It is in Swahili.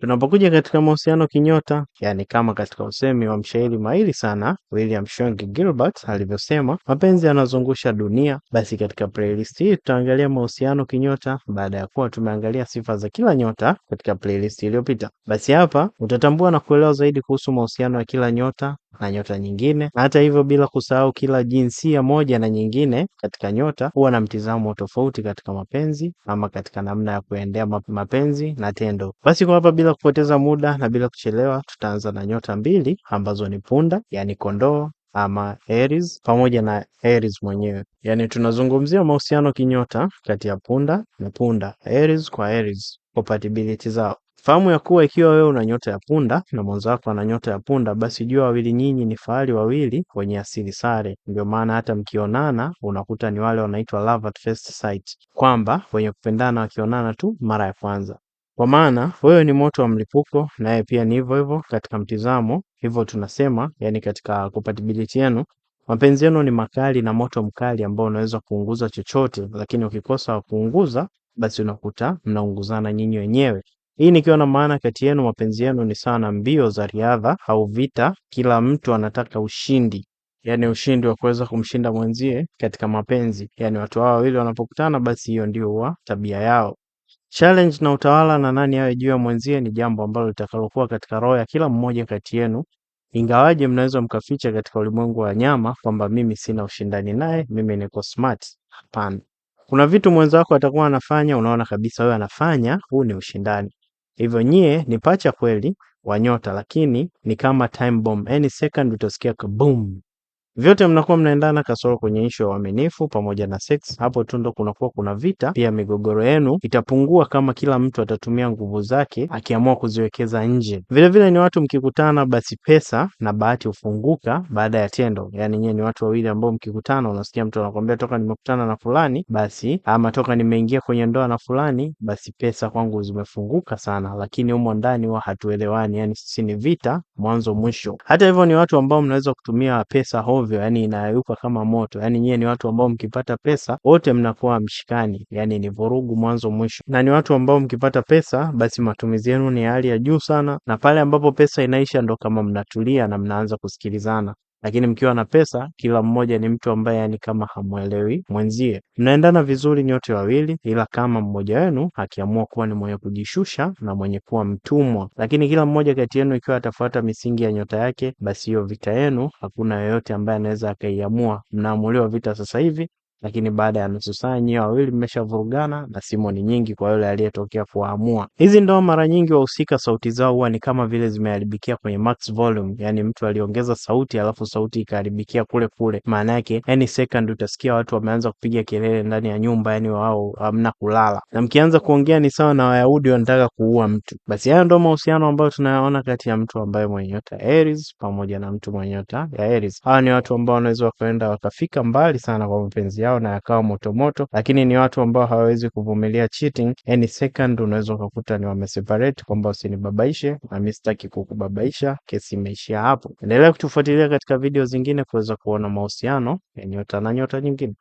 Tunapokuja katika mahusiano kinyota, yaani kama katika usemi wa mshairi mahiri sana William Shongi Gilbert alivyosema, mapenzi yanazungusha dunia. Basi katika playlist hii tutaangalia mahusiano kinyota baada ya kuwa tumeangalia sifa za kila nyota katika playlist iliyopita. Basi hapa utatambua na kuelewa zaidi kuhusu mahusiano ya kila nyota na nyota nyingine, na hata hivyo bila kusahau kila jinsia moja na nyingine katika nyota huwa na mtizamo tofauti katika mapenzi ama katika namna ya kuendea mapenzi na tendo. Basi kwa hapa bila kupoteza muda na bila kuchelewa, tutaanza na nyota mbili ambazo ni punda, yani kondoo ama Aries pamoja na Aries mwenyewe, yaani tunazungumzia mahusiano kinyota kati ya punda na punda, Aries kwa Aries compatibility zao. Fahamu ya kuwa ikiwa wewe una nyota ya punda na wako ana nyota ya punda, basi jua wawili nyinyi ni fahali wawili wenye asili sare. Ndio maana hata mkionana unakuta ni wale wanaitwa love at first sight, kwamba wenye kupendana wakionana tu mara ya kwanza. Kwa maana wewe ni moto wa mlipuko na yeye pia ni hivyo hivyo katika mtizamo. Hivyo tunasema yani, katika compatibility yenu mapenzi yenu ni makali na moto mkali ambao unaweza kuunguza chochote, lakini ukikosa kuunguza basi unakuta mnaunguzana nyinyi wenyewe. Hii nikiwa na maana kati yenu mapenzi yenu ni sana mbio za riadha au vita, kila mtu anataka ushindi, yani ushindi wa kuweza kumshinda mwenzie katika mapenzi. Yani watu hawa wawili wanapokutana, basi hiyo ndio huwa tabia yao. Challenge na utawala na nani awe juu ya mwenzie ni jambo ambalo litakalokuwa katika roho ya kila mmoja kati yenu, ingawaje mnaweza mkaficha katika ulimwengu wa nyama kwamba mimi sina ushindani naye, mimi niko smart. Hapana. Kuna vitu mwenzako atakuwa anafanya, unaona kabisa wewe anafanya, huu ni ushindani. Hivyo nyie ni pacha kweli wa nyota, lakini ni kama time bomb, any second utasikia kaboom Vyote mnakuwa mnaendana kasoro kwenye ishu ya uaminifu pamoja na sex. Hapo tu ndo kunakuwa kuna vita, pia migogoro yenu itapungua kama kila mtu atatumia nguvu zake akiamua kuziwekeza nje. Vilevile ni watu mkikutana, basi pesa na bahati hufunguka baada ya tendo. Yani nyewe ni watu wawili ambao mkikutana, unasikia mtu anakwambia toka nimekutana na fulani basi, ama toka nimeingia kwenye ndoa na fulani basi, pesa kwangu zimefunguka sana, lakini humo ndani huwa hatuelewani. Yani sisi ni vita mwanzo mwisho. Hata hivyo ni watu ambao mnaweza kutumia pesa hovi ovyo, yani inayuka kama moto. Yani nyie ni watu ambao mkipata pesa wote mnakuwa mshikani, yani ni vurugu mwanzo mwisho, na ni watu ambao mkipata pesa basi matumizi yenu ni hali ya juu sana, na pale ambapo pesa inaisha ndo kama mnatulia na mnaanza kusikilizana lakini mkiwa na pesa, kila mmoja ni mtu ambaye yani kama hamwelewi mwenzie, mnaendana vizuri nyote wawili, ila kama mmoja wenu akiamua kuwa ni mwenye kujishusha na mwenye kuwa mtumwa, lakini kila mmoja kati yenu ikiwa atafuata misingi ya nyota yake, basi hiyo vita yenu hakuna yoyote ambaye anaweza akaiamua. Mnaamuliwa vita sasa hivi lakini baada ya nusu saa nyewe wawili mmeshavurugana na simu ni nyingi kwa yule aliyetokea kuwaamua. Hizi ndoa mara nyingi wahusika sauti zao huwa ni kama vile zimeharibikia kwenye max volume, yani mtu aliongeza sauti alafu sauti ikaharibikia kule kule. Maana yake any second utasikia watu wameanza kupiga kelele ndani ya nyumba, yani wao hamna kulala, na mkianza kuongea ni sawa na Wayahudi wanataka kuua mtu. Basi hayo ndo mahusiano ambayo tunayaona kati ya mtu ambaye mwenye nyota Aries pamoja na mtu mwenye nyota ya Aries. Hawa ni watu ambao wanaweza wakaenda wakafika mbali sana kwa mapenzi yao yao na yakawa motomoto, lakini ni watu ambao hawawezi kuvumilia cheating. Any second unaweza ukakuta ni wameseparate, kwamba usinibabaishe na mi sitaki kukubabaisha. Kesi imeishia hapo. Endelea kutufuatilia katika video zingine kuweza kuona mahusiano ya nyota na nyota nyingine.